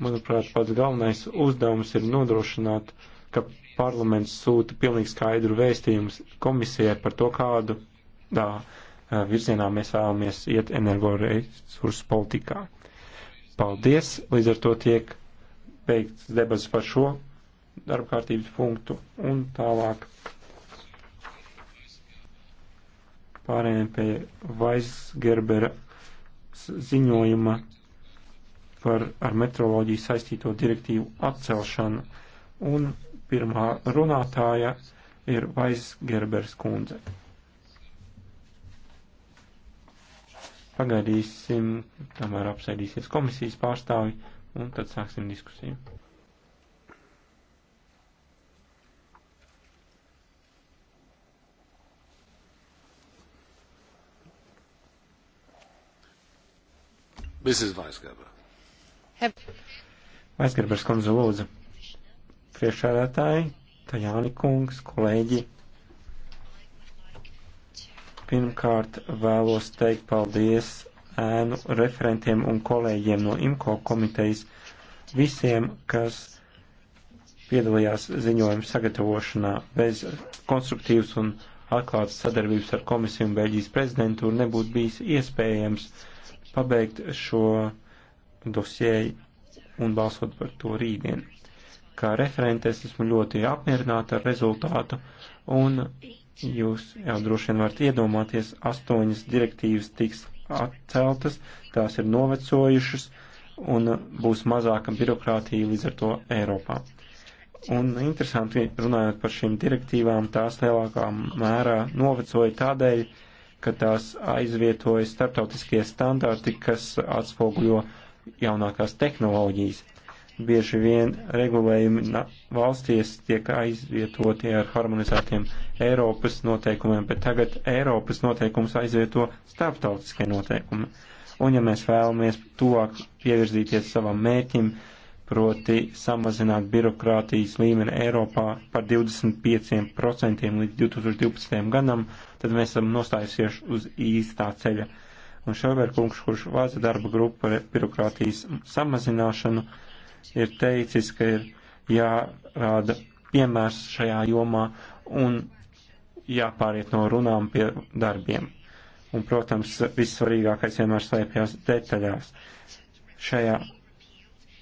Manuprāt, pats galvenais uzdevums ir nodrošināt, ka parlaments sūta pilnīgi skaidru vēstījumu komisijai par to, kādu tā, virzienā mēs vēlamies iet energoresursu politikā. Paldies! Līdz ar to tiek beigts debats par šo darba kārtības punktu un tālāk pārējiem pie Vaisgerbera ziņojuma par ar metroloģiju saistīto direktīvu atcelšanu. Un pirmā runātāja ir Vais Gerbers kundze. Pagaidīsim, kamēr apsēdīsies komisijas pārstāvi, un tad sāksim diskusiju. Mrs. Weisgerber. Aizgarbers kundze lūdzu. Priekšādātāji, Tajāni kungs, kolēģi. Pirmkārt vēlos teikt paldies ēnu referentiem un kolēģiem no IMCO komitejas visiem, kas piedalījās ziņojuma sagatavošanā bez konstruktīvas un atklātas sadarbības ar komisiju un Beļģijas prezidentūru nebūtu bijis iespējams pabeigt šo dosieji un balsot par to rītdien. Kā referentes esmu ļoti apmierināta ar rezultātu un jūs jau droši vien varat iedomāties, astoņas direktīvas tiks atceltas, tās ir novecojušas un būs mazāka birokrātija līdz ar to Eiropā. Un interesanti runājot par šīm direktīvām, tās lielākā mērā novecoja tādēļ, ka tās aizvietoja startautiskie standarti, kas atspoguļo uh, jaunākās tehnoloģijas. Bieži vien regulējumi valstīs tiek aizvietoti ar harmonizētiem Eiropas noteikumiem, bet tagad Eiropas noteikums aizvieto starptautiskie noteikumi. Un ja mēs vēlamies tuvāk pievirzīties savam mērķim, proti samazināt birokrātijas līmeni Eiropā par 25% līdz 2012. gadam, tad mēs esam nostājusies uz īstā ceļa un Šoverkungs, kurš vāca darba grupu par birokrātijas samazināšanu, ir teicis, ka ir jārāda piemērs šajā jomā un jāpāriet no runām pie darbiem. Un, protams, vissvarīgākais vienmēr slēpjas detaļās. Šajā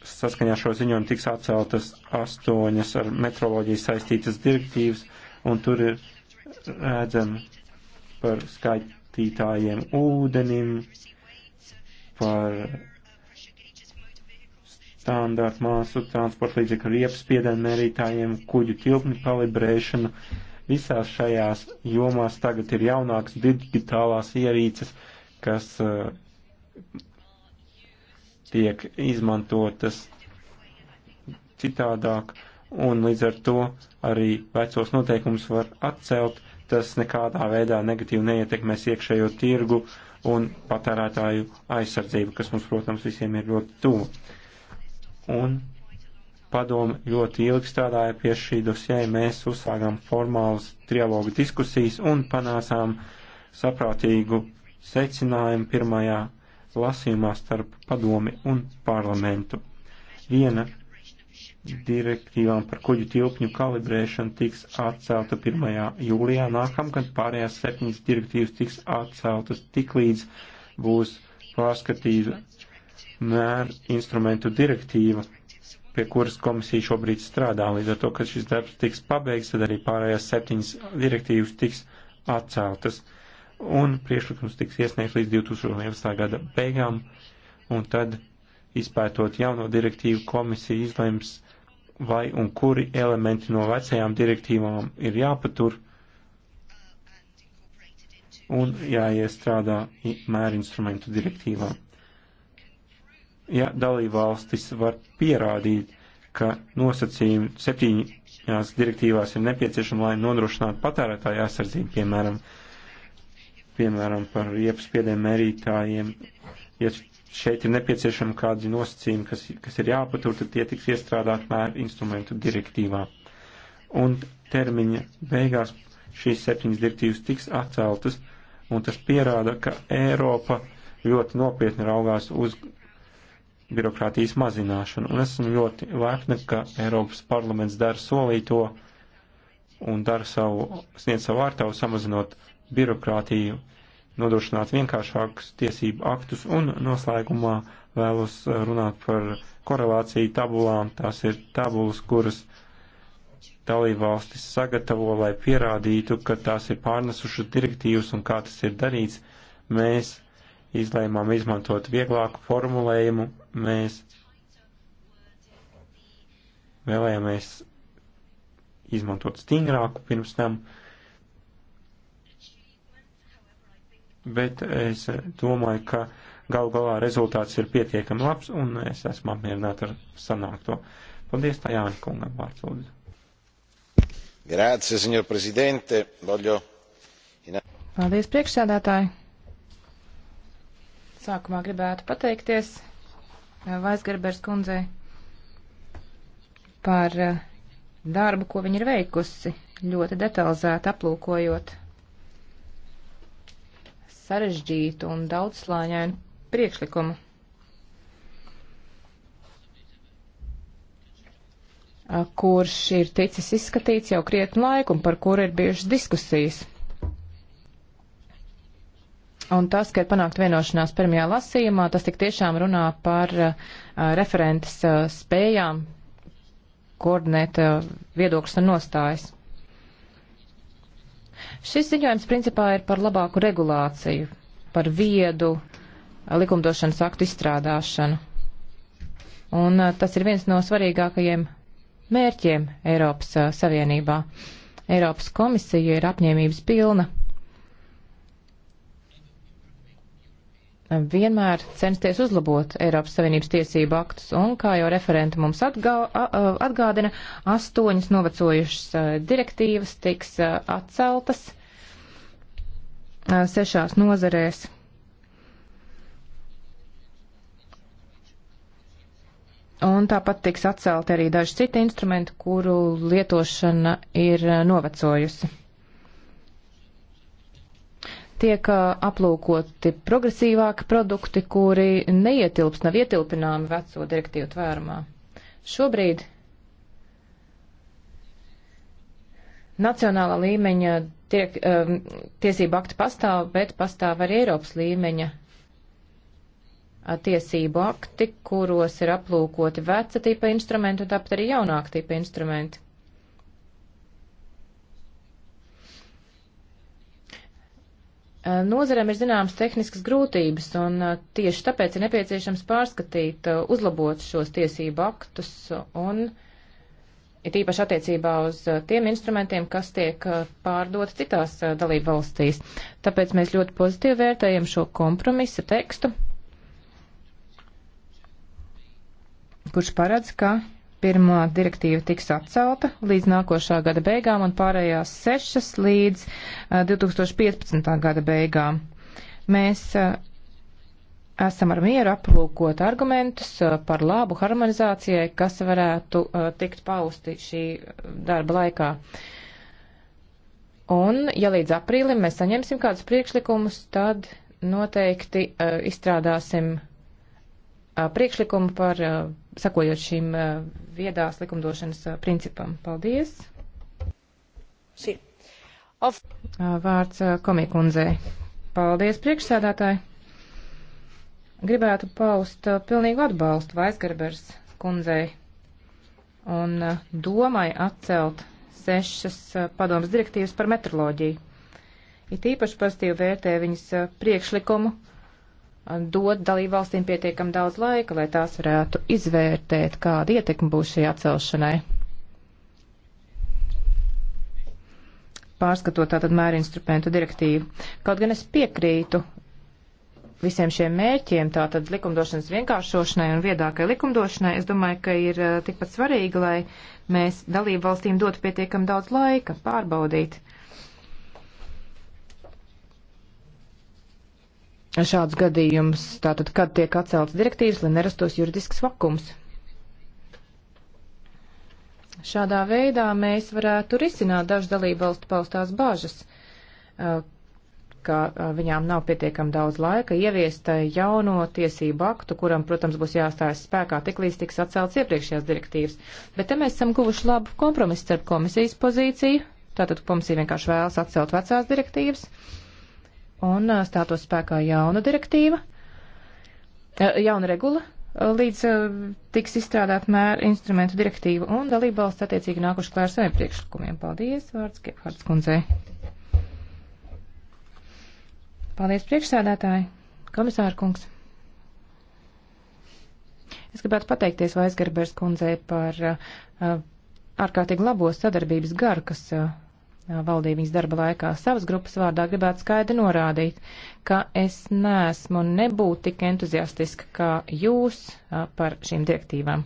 saskaņā šo ziņojumu tiks atceltas astoņas ar metroloģiju saistītas direktīvas, un tur ir redzami par skaitu izplatītājiem, ūdenim, par standārtu māsu transporta līdzekļu riepspiedēm mērītājiem, kuģu tilpni kalibrēšanu. Visās šajās jomās tagad ir jaunāks digitālās ierīces, kas uh, tiek izmantotas citādāk, un līdz ar to arī vecos noteikumus var atcelt tas nekādā veidā negatīvi neietekmēs iekšējo tirgu un patērētāju aizsardzību, kas mums, protams, visiem ir ļoti tuvu. Un padomu ļoti ilgi strādāja pie šī dosē, mēs uzsākām formālas trialogu diskusijas un panācām saprātīgu secinājumu pirmajā lasījumā starp padomi un parlamentu. Viena direktīvām par kuģu tilpņu kalibrēšanu tiks atcelta 1. jūlijā. Nākamgad pārējās septiņas direktīvas tiks atceltas tiklīdz būs pārskatīta mēr instrumentu direktīva, pie kuras komisija šobrīd strādā. Līdz ar to, ka šis darbs tiks pabeigts, tad arī pārējās septiņas direktīvas tiks atceltas. Un priekšlikums tiks iesniegts līdz 2011. gada beigām, un tad Izpētot jauno direktīvu, komisija izlems, vai un kuri elementi no vecajām direktīvām ir jāpatur un jāiestrādā mērinstrumentu direktīvā. Ja dalībvalstis var pierādīt, ka nosacījumi septiņās direktīvās ir nepieciešami, lai nodrošinātu patērētāju aizsardzību, piemēram, piemēram par iepspiediem mērītājiem, ja šeit ir nepieciešami kādi nosacījumi, kas, kas ir jāpatur, tad tie tiks iestrādāt mēru instrumentu direktīvā. Un termiņa beigās šīs septiņas direktīvas tiks atceltas, un tas pierāda, ka Eiropa ļoti nopietni raugās uz birokrātijas mazināšanu. Un esam ļoti lepni, ka Eiropas parlaments dara solīto un dara savu, sniedz savu vārtāvu samazinot birokrātiju nodrošināt vienkāršākus tiesību aktus un noslēgumā vēlos runāt par korelāciju tabulām. Tās ir tabulas, kuras dalībvalstis sagatavo, lai pierādītu, ka tās ir pārnesušas direktīvas un kā tas ir darīts. Mēs izlēmām izmantot vieglāku formulējumu, mēs vēlējāmies izmantot stingrāku pirms tam. Uh, bet es domāju, ka galu galā rezultāts ir pietiekami labs, un es esmu apmierināta ar sanākto. Paldies, tā Jāni kungam, vārds lūdzu. Grācie, senjor prezidente, voļo. Paldies, priekšsēdētāji. Sākumā gribētu pateikties Vaisgarbers eh, kundzei par eh, darbu, ko viņa ir veikusi, ļoti detalizēti aplūkojot sarežģītu un daudzslāņainu priekšlikumu. kurš ir ticis izskatīts jau krietnu laiku un par kuru ir bijušas diskusijas. Un tas, ka ir panākt vienošanās pirmajā lasījumā, tas tik tiešām runā par uh, referentes uh, spējām koordinēt uh, viedokļus un nostājas. Šis ziņojums principā ir par labāku regulāciju, par viedu eh, likumdošanas aktu izstrādāšanu. Un eh, tas ir viens no svarīgākajiem mērķiem Eiropas eh, Savienībā. Eiropas komisija ir apņēmības pilna vienmēr censties uzlabot Eiropas Savienības tiesību aktus, un, kā jau referenta mums atgā, atgādina, astoņas novecojušas direktīvas tiks atceltas sešās nozarēs. Un tāpat tiks atcelti arī daži citi instrumenti, kuru lietošana ir novecojusi tiek aplūkoti progresīvāki produkti, kuri neietilps, nav ietilpināmi veco direktīvu tvērumā. Šobrīd nacionālā līmeņa tiek, um, tiesība akti pastāv, bet pastāv arī Eiropas līmeņa tiesību akti, kuros ir aplūkoti veca tipa instrumenti un tāpat arī jaunāka tipa instrumenti. Eh, nozarēm ir zināmas tehniskas grūtības, un eh, tieši tāpēc ir nepieciešams pārskatīt, eh, uzlabot šos tiesību aktus, un ir īpaši attiecībā uz tiem instrumentiem, kas tiek pārdoti citās dalību valstīs. Tāpēc mēs ļoti pozitīvi vērtējam šo kompromisa tekstu, kurš paredz, ka pirmā direktīva tiks atcelta līdz nākošā gada beigām un pārējās sešas līdz 2015. Eh, gada beigām. Mēs eh, esam ar mieru aplūkot argumentus eh, par labu harmonizācijai, kas varētu tikt pausti šī darba laikā. Un, ja līdz aprīlim mēs saņemsim kādus priekšlikumus, tad noteikti izstrādāsim priekšlikumu par sakojot šim eh, viedās likumdošanas eh, principam. Paldies! Sí. Of... Eh, vārds komikundzei. Paldies, priekšsēdētāji! Gribētu paust pilnīgu atbalstu Vaisgarbers kundzei un domai atcelt sešas padomas direktīvas par metroloģiju. It īpaši pozitīvi vērtē viņas priekšlikumu uh, dot dalībvalstīm pietiekam daudz laika, lai tās varētu izvērtēt, kāda ietekme būs šī atcelšanai. Pārskatot tātad mēra instrumentu direktīvu. Kaut gan es piekrītu visiem šiem mērķiem, tātad likumdošanas vienkāršošanai un viedākai likumdošanai, es domāju, ka ir eh, tikpat svarīgi, lai mēs dalībvalstīm dotu pietiekam daudz laika pārbaudīt uh, šādus gadījumus, tātad, kad tiek atceltas direktīvas, lai nerastos juridisks vakums. Šādā veidā mēs varētu risināt dažu dalību valstu paustās bāžas, ka viņām nav pietiekam daudz laika ieviest jauno tiesību aktu, kuram, protams, būs jāstājas spēkā tik līdz tiks atcelts iepriekšējās direktīvas. Bet te mēs esam guvuši labu kompromisu starp komisijas pozīciju, tātad komisija vienkārši vēlas atcelt vecās direktīvas un stātos spēkā jauna direktīva, jauna regula, līdz tiks izstrādāt mēra instrumentu direktīva un dalībvalsts attiecīgi nākuši klār saviem priekšlikumiem. Paldies, vārds Gephards kundzei. Paldies, priekšsēdētāji, komisāra kungs. Es gribētu pateikties Vaisgarbers kundzei par uh, ārkārtīgi labo sadarbības garu, kas uh, valdīja viņas darba laikā. Savas grupas vārdā gribētu skaidri norādīt, ka es neesmu un nebūtu tik entuziastiska kā jūs par šīm direktīvām.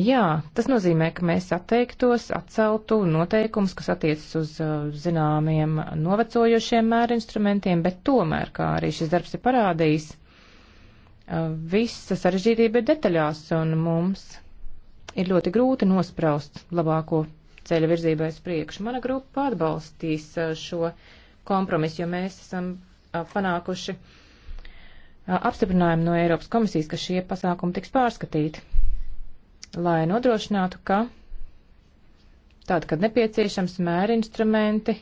Jā, tas nozīmē, ka mēs atteiktos, atceltu noteikumus, kas attiecas uz zināmiem novecojošiem mērinstrumentiem, bet tomēr, kā arī šis darbs ir parādījis, visa sarežģītība ir detaļās un mums ir ļoti grūti nospraust labāko ceļa virzībai uz priekšu. Mana grupa atbalstīs šo kompromisu, jo mēs esam panākuši apstiprinājumu no Eiropas komisijas, ka šie pasākumi tiks pārskatīti, lai nodrošinātu, ka tātad, kad nepieciešams mēri instrumenti,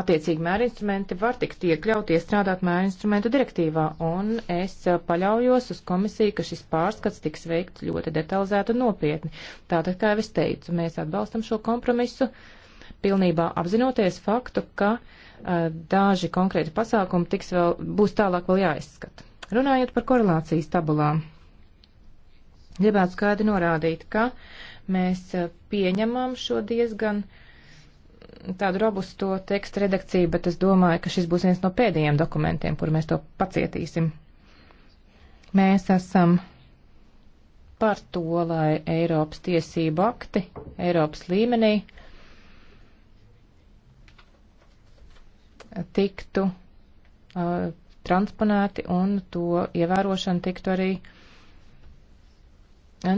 Attiecīgi mērinstrumenti var tikt iekļauti iestrādāt mērinstrumentu direktīvā, un es eh, paļaujos uz komisiju, ka šis pārskats tiks veikts ļoti detalizēti un nopietni. Tātad, kā jau es teicu, mēs atbalstam šo kompromisu, pilnībā apzinoties faktu, ka uh, daži konkrēti pasākumi tiks vēl, būs tālāk vēl jāizskata. Runājot par korelācijas tabulām, gribētu skaidri norādīt, ka mēs eh, pieņemam šo diezgan uh, tādu robusto tekstu redakciju, bet es domāju, ka šis būs viens no pēdējiem dokumentiem, kur mēs to pacietīsim. Mēs esam par to, lai Eiropas tiesību akti Eiropas līmenī tiktu uh, transponēti un to ievērošana tiktu arī uh,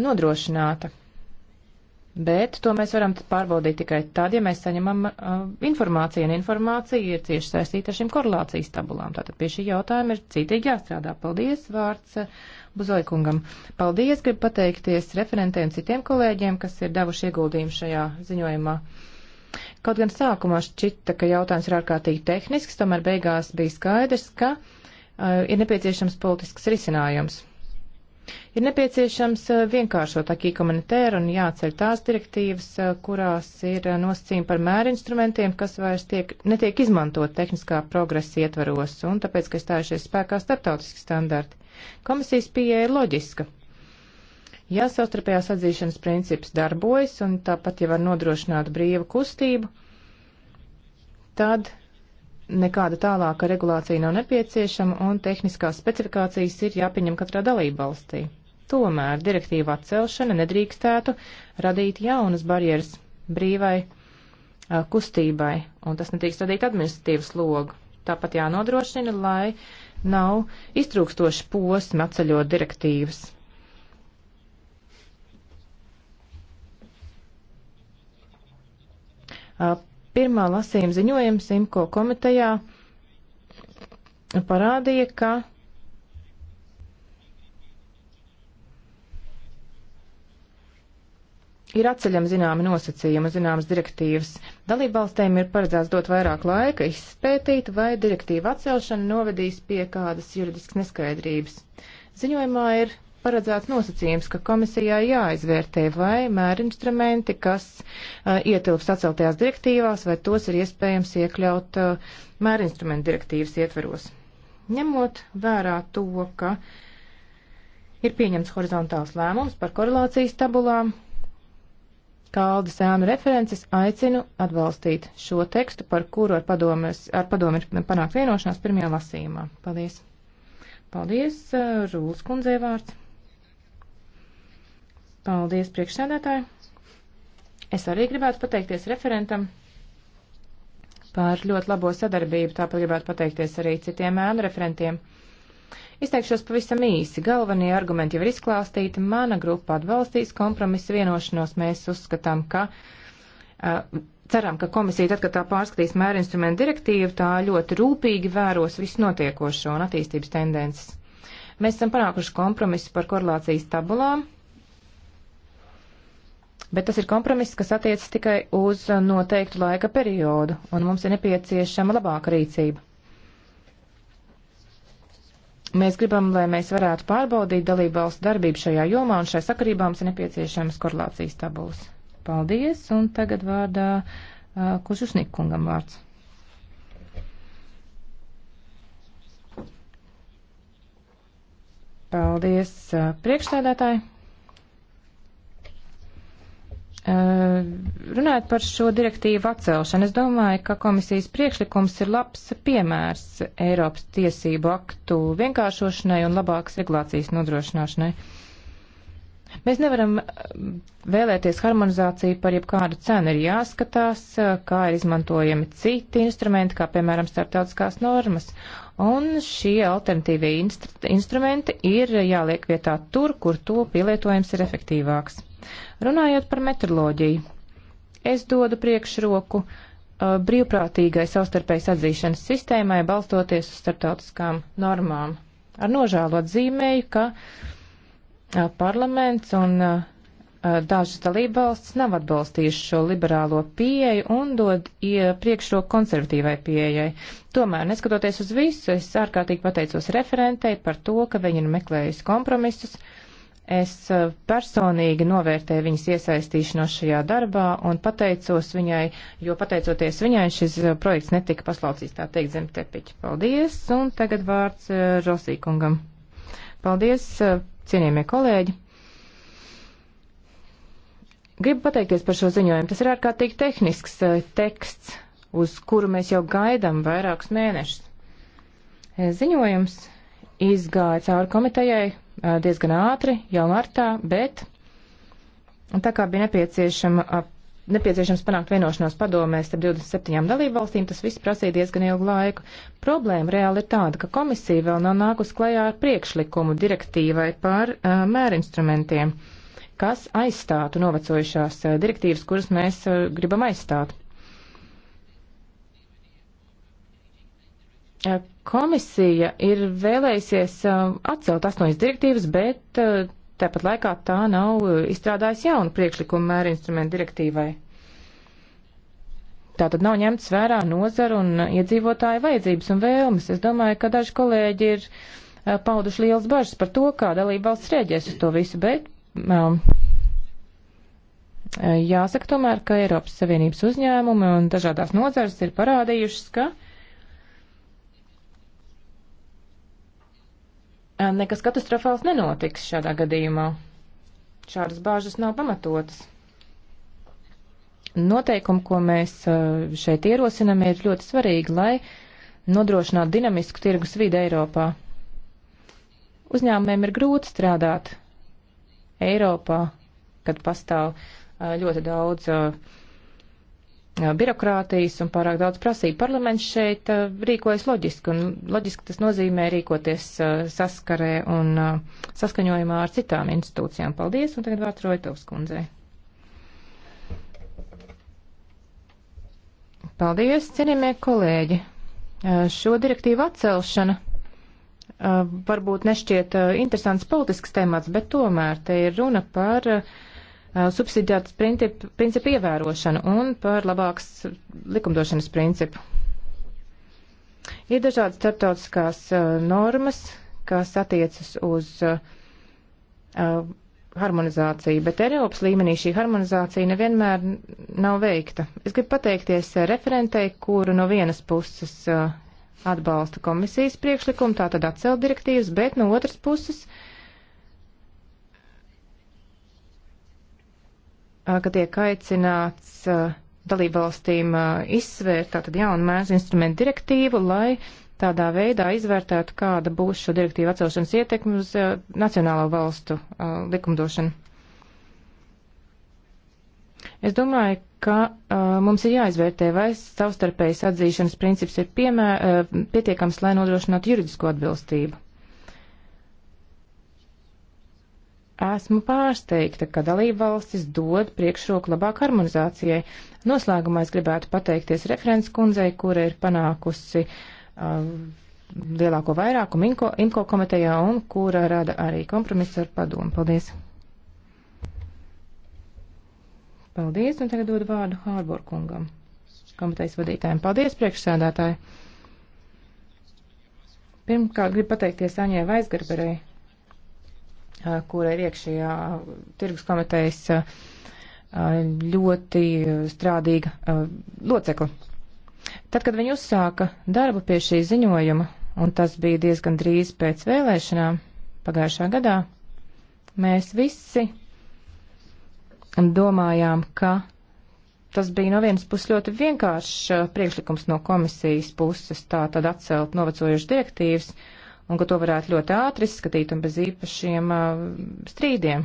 nodrošināta. Bet to mēs varam pārbaudīt tikai tad, ja mēs saņemam uh, informāciju, un informācija ir cieši saistīta ar šīm korelācijas tabulām. Tātad pie šī jautājuma ir citīgi jāstrādā. Paldies, vārds uh, Buzoikungam. Paldies, gribu pateikties referentiem un citiem kolēģiem, kas ir devuši ieguldījumu šajā ziņojumā. Kaut gan sākumā šķita, ka jautājums ir ārkārtīgi tehnisks, tomēr beigās bija skaidrs, ka uh, ir nepieciešams politisks risinājums. Ir nepieciešams eh, vienkāršot akī komunitēru un jāceļ tās direktīvas, eh, kurās ir eh, nosacījumi par mērinstrumentiem, kas vairs tiek, netiek izmantot tehniskā progresa ietvaros un tāpēc, ka stājušies spēkā starptautiski standarti. Komisijas pieeja ir loģiska. Ja savstarpējās atzīšanas princips darbojas un tāpat jau var nodrošināt brīvu kustību, tad nekāda tālāka regulācija nav nepieciešama un tehniskās specifikācijas ir jāpieņem katrā dalība valstī. Tomēr direktīva atcelšana nedrīkstētu radīt jaunas barjeras brīvai a, kustībai, un tas netīkst radīt administratīvu slogu. Tāpat jānodrošina, lai nav iztrūkstoši posmi atceļot direktīvas. A, pirmā lasījuma ziņojums Simko komitejā parādīja, ka ir atceļam zināmi nosacījumi, zināmas direktīvas. Dalībvalstēm ir paredzēts dot vairāk laika izpētīt, vai direktīva atcelšana novedīs pie kādas juridiskas neskaidrības. Ziņojumā ir paredzēts nosacījums, ka komisijā jāizvērtē, vai mērinstrumenti, kas uh, ietilpst atceltajās direktīvās, vai tos ir iespējams iekļaut uh, mērinstrumentu direktīvas ietveros. Ņemot vērā to, ka ir pieņemts horizontāls lēmums par korelācijas tabulām, Kalda sēnu references aicinu atbalstīt šo tekstu, par kuru ar padomu, ar padomu ir panākt vienošanās pirmajā lasījumā. Paldies! Paldies, uh, Rūlas kundzei vārds! Paldies, priekšsēdētāji. Es arī gribētu pateikties referentam par ļoti labo sadarbību, tāpat gribētu pateikties arī citiem ēnu referentiem. Izteikšos pavisam īsi. Galvenie argumenti jau ir izklāstīti. Mana grupa atbalstīs kompromisu vienošanos. Mēs uzskatām, ka. Uh, ceram, ka komisija, tad, kad tā pārskatīs mēra instrumentu direktīvu, tā ļoti rūpīgi vēros visu notiekošo un attīstības tendences. Mēs esam panākuši kompromisu par korelācijas tabulām Bet tas ir kompromiss, kas attiecas tikai uz noteiktu laika periodu, un mums ir nepieciešama labāka rīcība. Mēs gribam, lai mēs varētu pārbaudīt dalību valstu darbību šajā jomā, un šai sakarībā mums ir nepieciešamas korelācijas tabulas. Paldies, un tagad vārdā uh, Kušusnikungam vārds. Paldies, uh, priekšstādātāji! Runājot par šo direktīvu atcelšanu, es domāju, ka komisijas priekšlikums ir labs piemērs Eiropas tiesību aktu vienkāršošanai un labākas regulācijas nodrošināšanai. Mēs nevaram eh, vēlēties harmonizāciju par jebkādu cenu. Ir jāskatās, eh, kā ir izmantojami citi instrumenti, kā piemēram starptautiskās normas. Un šie alternatīvie instru instrumenti ir jāliek vietā tur, kur to pielietojums ir efektīvāks. Runājot par metroloģiju, Es dodu priekšroku uh, brīvprātīgai savstarpējas atzīšanas sistēmai, balstoties uz starptautiskām normām. Ar nožēlu atzīmēju, ka uh, parlaments un uh, uh dažas dalībvalsts nav atbalstījuši šo liberālo pieeju un dod priekšroku konservatīvai pieejai. Tomēr, neskatoties uz visu, es ārkārtīgi pateicos referentei par to, ka viņi ir meklējusi kompromisus. Uh, Es eh, personīgi novērtēju viņas iesaistīšanos šajā darbā un pateicos viņai, jo pateicoties viņai šis eh, projekts netika paslaucīts, tā teikt, zem tepiķa. Paldies, un tagad vārds eh, Rosīkungam. Paldies, cienījamie kolēģi! Gribu pateikties par šo ziņojumu. Tas ir ārkārtīgi tehnisks teksts, uz kuru mēs jau gaidām vairākus mēnešus. Ziņojums izgāja cauri komitejai, diezgan ātri, jau martā, bet tā kā bija nepieciešama, nepieciešams panākt vienošanos padomēs ar 27 dalību valstīm, tas viss prasīja diezgan ilgu laiku. Problēma reāli ir tāda, ka komisija vēl nav nākus klajā ar priekšlikumu direktīvai par mērinstrumentiem, kas aizstātu novecojušās direktīvas, kuras mēs gribam aizstāt. Eh, komisija ir vēlējusies eh, atcelt astoņas direktīvas, bet eh, tāpat laikā tā nav izstrādājusi jaunu priekšlikumu mēra instrumentu direktīvai. Tā tad nav ņemts vērā nozaru un iedzīvotāju vajadzības un vēlmes. Es domāju, ka daži kolēģi ir pauduši liels bažas par to, kā dalība valsts rēģēs uz to visu, bet um, jāsaka tomēr, ka Eiropas Savienības uzņēmumi un dažādās nozares ir parādījušas, ka nekas katastrofāls nenotiks šādā gadījumā. Šādas bāžas nav pamatotas. Noteikumi, ko mēs šeit ierosinam, ir ļoti svarīgi, lai nodrošinātu dinamisku tirgus vidi Eiropā. Uzņēmumiem ir grūti strādāt Eiropā, kad pastāv ļoti daudz uh, birokrātijas un pārāk daudz prasību. Parlaments šeit rīkojas loģiski, un loģiski tas nozīmē rīkoties saskarē un saskaņojumā ar citām institūcijām. Paldies, un tagad vārds Roitovs kundzei. Paldies, cienījamie kolēģi. Šo direktīvu atcelšana varbūt nešķiet interesants politisks temats, bet tomēr te ir runa par uh, Uh, subsidiātas principu, principu ievērošanu un par labāks likumdošanas principu. Ir dažādas starptautiskās uh, normas, kas attiecas uz uh, uh, harmonizāciju, bet Eiropas līmenī šī harmonizācija nevienmēr nav veikta. Es gribu pateikties uh, referentei, kuru no vienas puses uh, atbalsta komisijas priekšlikumu, tātad atcelt direktīvas, bet no otras puses uh, ka tiek aicināts dalībvalstīm izsvērt tātad jaunu mēzu instrumentu direktīvu, lai tādā veidā izvērtētu, kāda būs šo direktīvu atcelšanas ietekme uz uh, nacionālo valstu uh, likumdošanu. Es domāju, ka uh, mums ir jāizvērtē, vai savstarpējas atzīšanas princips ir piemē, uh, pietiekams, lai nodrošinātu juridisko atbilstību. Esmu pārsteigta, ka dalība valstis dod priekšroku labāk harmonizācijai. Noslēgumā es gribētu pateikties referents kundzei, kura ir panākusi uh, lielāko vairākumu IMCO, IMCO komitejā un kura rada arī kompromisu ar padomu. Paldies! Paldies, un tagad dodu vārdu Hārbor kungam, komitejas vadītājiem. Paldies, priekšsēdētāji! Pirmkārt, gribu pateikties Aņai Vaisgarberei Eh, kura ir iekšējā eh, tirgus komitejas eh, ļoti strādīga locekla. Tad, kad viņi uzsāka darbu pie šī ziņojuma, un tas bija diezgan drīz pēc vēlēšanām pagājušā gadā, mēs visi domājām, ka tas bija no vienas puses ļoti vienkāršs priekšlikums no komisijas puses, tā tad atcelt novecojušas direktīvas, uh, un ka to varētu ļoti ātri izskatīt un bez īpašiem uh, strīdiem.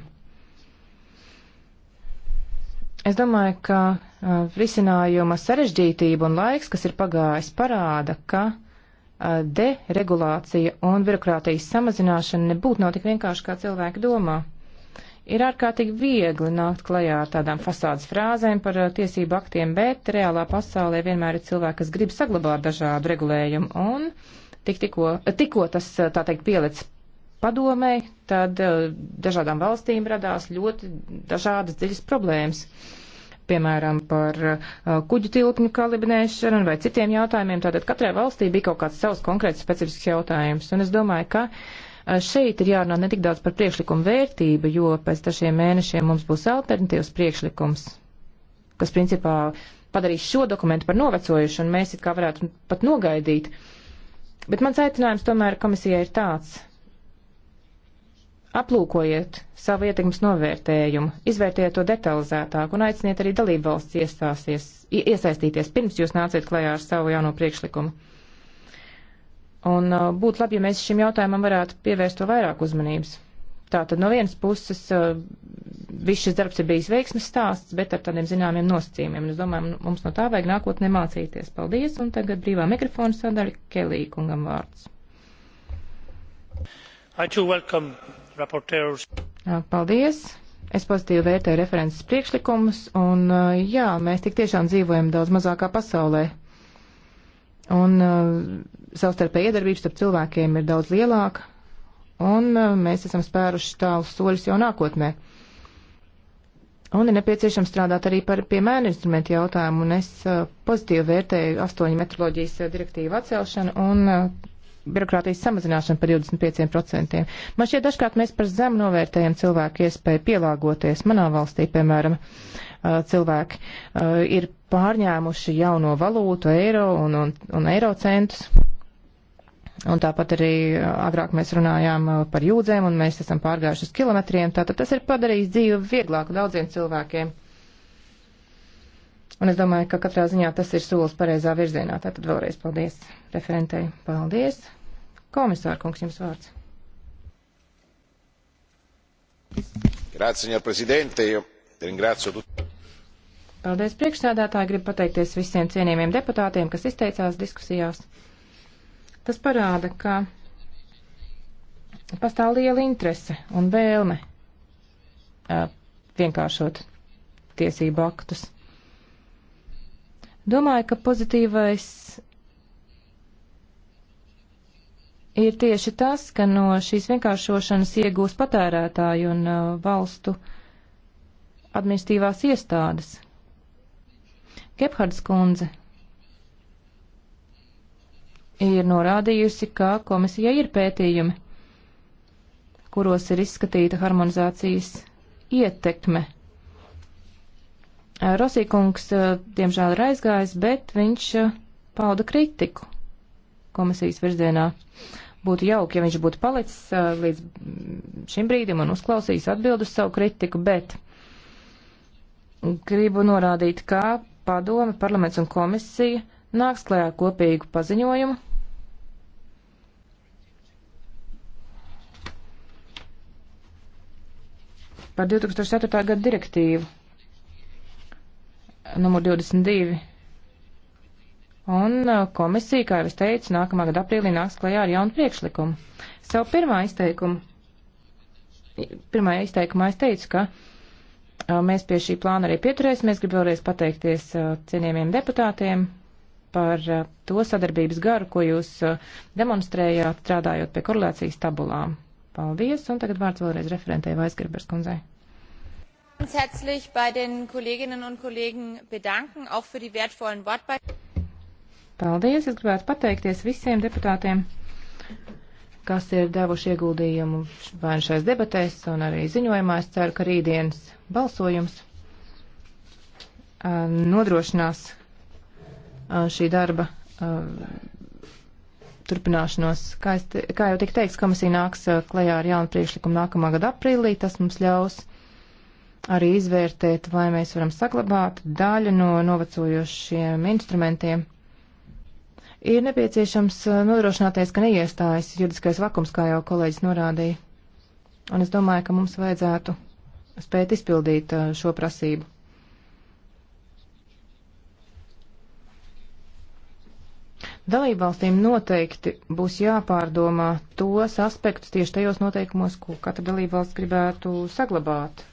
Es domāju, ka uh, risinājuma sarežģītība un laiks, kas ir pagājis, parāda, ka uh, deregulācija un birokrātijas samazināšana nebūtu nav tik vienkārši, kā cilvēki domā. Ir ārkārtīgi viegli nākt klajā ar tādām fasādes frāzēm par uh, tiesību aktiem, bet reālā pasaulē vienmēr ir cilvēki, kas grib saglabāt dažādu regulējumu un uh, tik, tikko, tikko tas, tā teikt, pielicis padomē, tad eh, dažādām valstīm radās ļoti dažādas dziļas problēmas. Piemēram, par eh, kuģu tilpņu kalibinēšanu vai citiem jautājumiem. Tātad katrai valstī bija kaut kāds savs konkrēts specifisks jautājums. Un es domāju, ka eh, šeit ir jārunā ne tik daudz par priekšlikumu vērtību, jo pēc dažiem mēnešiem mums būs alternatīvs priekšlikums, kas principā padarīs šo dokumentu par novecojušu, un mēs it kā varētu pat nogaidīt uh, Bet mans aicinājums tomēr komisijai ir tāds. Aplūkojiet savu ietekmes novērtējumu, izvērtējiet to detalizētāk un aiciniet arī dalību valsts iestāsies, iesaistīties pirms jūs nāciet klajā ar savu jauno priekšlikumu. Un uh, būtu labi, ja mēs šim jautājumam varētu pievērst to vairāk uzmanības. Tātad no vienas puses eh, viss šis darbs ir bijis veiksmes stāsts, bet ar tādiem zināmiem nosacījumiem. Es domāju, mums no tā vajag nākotnē mācīties. Paldies, un tagad brīvā mikrofona sadaļa Kelī kungam vārds. Paldies! Es pozitīvi vērtēju references priekšlikumus, un eh, jā, mēs tik tiešām dzīvojam daudz mazākā pasaulē. Un eh, savstarpēja iedarbības starp cilvēkiem ir daudz lielāka, un uh, mēs esam spēruši tālus soļus jau nākotnē. Un ir nepieciešams strādāt arī par piemēru instrumentu jautājumu, un es uh, pozitīvi vērtēju astoņu metroloģijas uh, direktīvu atcelšanu un birokrātijas samazināšanu par 25%. Man šķiet, dažkārt mēs par zemu novērtējam cilvēku iespēju pielāgoties. Manā valstī, piemēram, cilvēki ir pārņēmuši jauno valūtu, eiro un, un, un eiro centus Un tāpat arī agrāk mēs runājām par jūdzēm, un mēs esam pārgājuši uz kilometriem. Tātad tas ir padarījis dzīvi vieglāku daudziem cilvēkiem. Un es domāju, ka katrā ziņā tas ir solis pareizā virzienā. Tātad vēlreiz paldies referentei. Paldies. Komisāra kungs, jums vārds. Grāci, signor Presidente, jo ringrazio tutti. Paldies priekšsēdētāji, gribu pateikties visiem cienījumiem deputātiem, kas izteicās diskusijās. Tas parāda, ka pastāv liela interese un vēlme vienkāršot tiesību aktus. Domāju, ka pozitīvais ir tieši tas, ka no šīs vienkāršošanas iegūs patērētāju un uh, valstu administratīvās iestādes. Gebhards kundze ir norādījusi, ka komisijai ir pētījumi, kuros ir izskatīta harmonizācijas ietekme. Rosīkungs, diemžēl, ir aizgājis, bet viņš pauda kritiku komisijas virzienā. Būtu jauki, ja viņš būtu palicis līdz šim brīdim un uzklausījis atbildus savu kritiku, bet gribu norādīt, kā padome, parlaments un komisija nāks klējā kopīgu paziņojumu par 2004. gada direktīvu numur 22. Un uh, komisija, kā jau es teicu, nākamā gada aprīlī nāks klajā ar jaunu priekšlikumu. Savu pirmā izteikumu, pirmā izteikumā es teicu, ka uh, mēs pie šī plāna arī pieturēsimies. Gribu vēlreiz pateikties uh, cienījumiem deputātiem par uh, to sadarbības garu, ko jūs uh, demonstrējāt strādājot pie korelācijas tabulām. Paldies, un tagad vārds vēlreiz referentē Vaisgribers kundzei ganz herzlich bei den Kolleginnen un Kollegen bedanken, auch für die wertvollen Wortbeiträge. Paldies! Es gribētu pateikties visiem deputātiem, kas ir devuši ieguldījumu vai nu šais debatēs un arī ziņojumā. Es ceru, ka rītdienas balsojums uh, nodrošinās uh, šī darba uh, turpināšanos. Kā, es, kā jau tika teikts, komisija nāks klajā ar jaunu priekšlikumu nākamā gada aprīlī. Tas mums ļaus arī izvērtēt, vai mēs varam saglabāt daļu no novecojošiem instrumentiem. Ir nepieciešams uh, nodrošināties, ka neiestājas juridiskais vakums, kā jau kolēģis norādīja. Un es domāju, ka mums vajadzētu spēt izpildīt uh, šo prasību. Dalībvalstīm noteikti būs jāpārdomā tos aspektus tieši tajos noteikumos, ko katra dalībvalsts gribētu saglabāt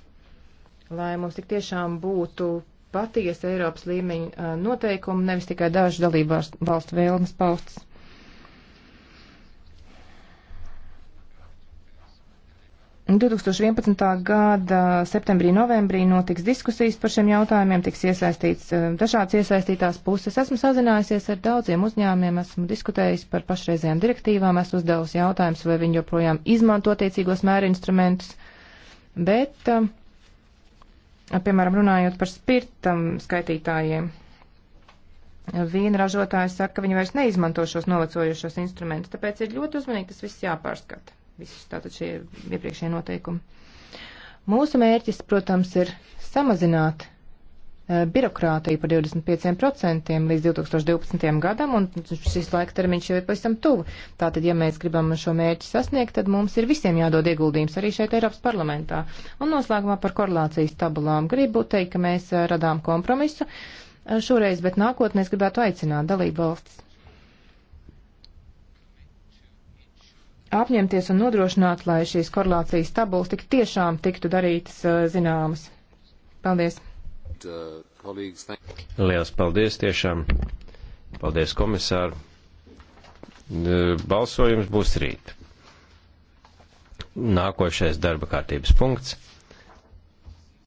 lai mums tik tiešām būtu patiesa Eiropas līmeņa noteikumi, nevis tikai dažu dalību valstu vēlmes paustas. Un 2011. gada septembrī, novembrī notiks diskusijas par šiem jautājumiem, tiks iesaistīts dažādas iesaistītās puses. Esmu sazinājusies ar daudziem uzņēmiem, esmu diskutējis par pašreizējām direktīvām, esmu uzdevusi jautājumus, vai viņi joprojām izmanto tiecīgos mērinstrumentus, bet uh, Piemēram, runājot par spirtam skaitītājiem. Vīna ražotāji saka, ka viņi vairs neizmanto šos novecojušos instrumentus, tāpēc ir ļoti uzmanīgi tas viss jāpārskata. Visus tātad šie iepriekšējie noteikumi. Mūsu mērķis, protams, ir samazināt Eh, birokrātiju par 25% līdz 2012. gadam, un šis laika termiņš jau ir pavisam tuvu. Tātad, ja mēs gribam šo mērķi sasniegt, tad mums ir visiem jādod ieguldījums arī šeit Eiropas parlamentā. Un noslēgumā par korelācijas tabulām gribu teikt, ka mēs eh, radām kompromisu eh, šoreiz, bet nākotnē es gribētu aicināt dalību valstis. Apņemties un nodrošināt, lai šīs korelācijas tabulas tik tiešām tiktu darītas zināmas. Paldies! Uh, Lielas paldies tiešām. Paldies, komisāri. Balsojums būs rīt. Nākošais darba kārtības punkts.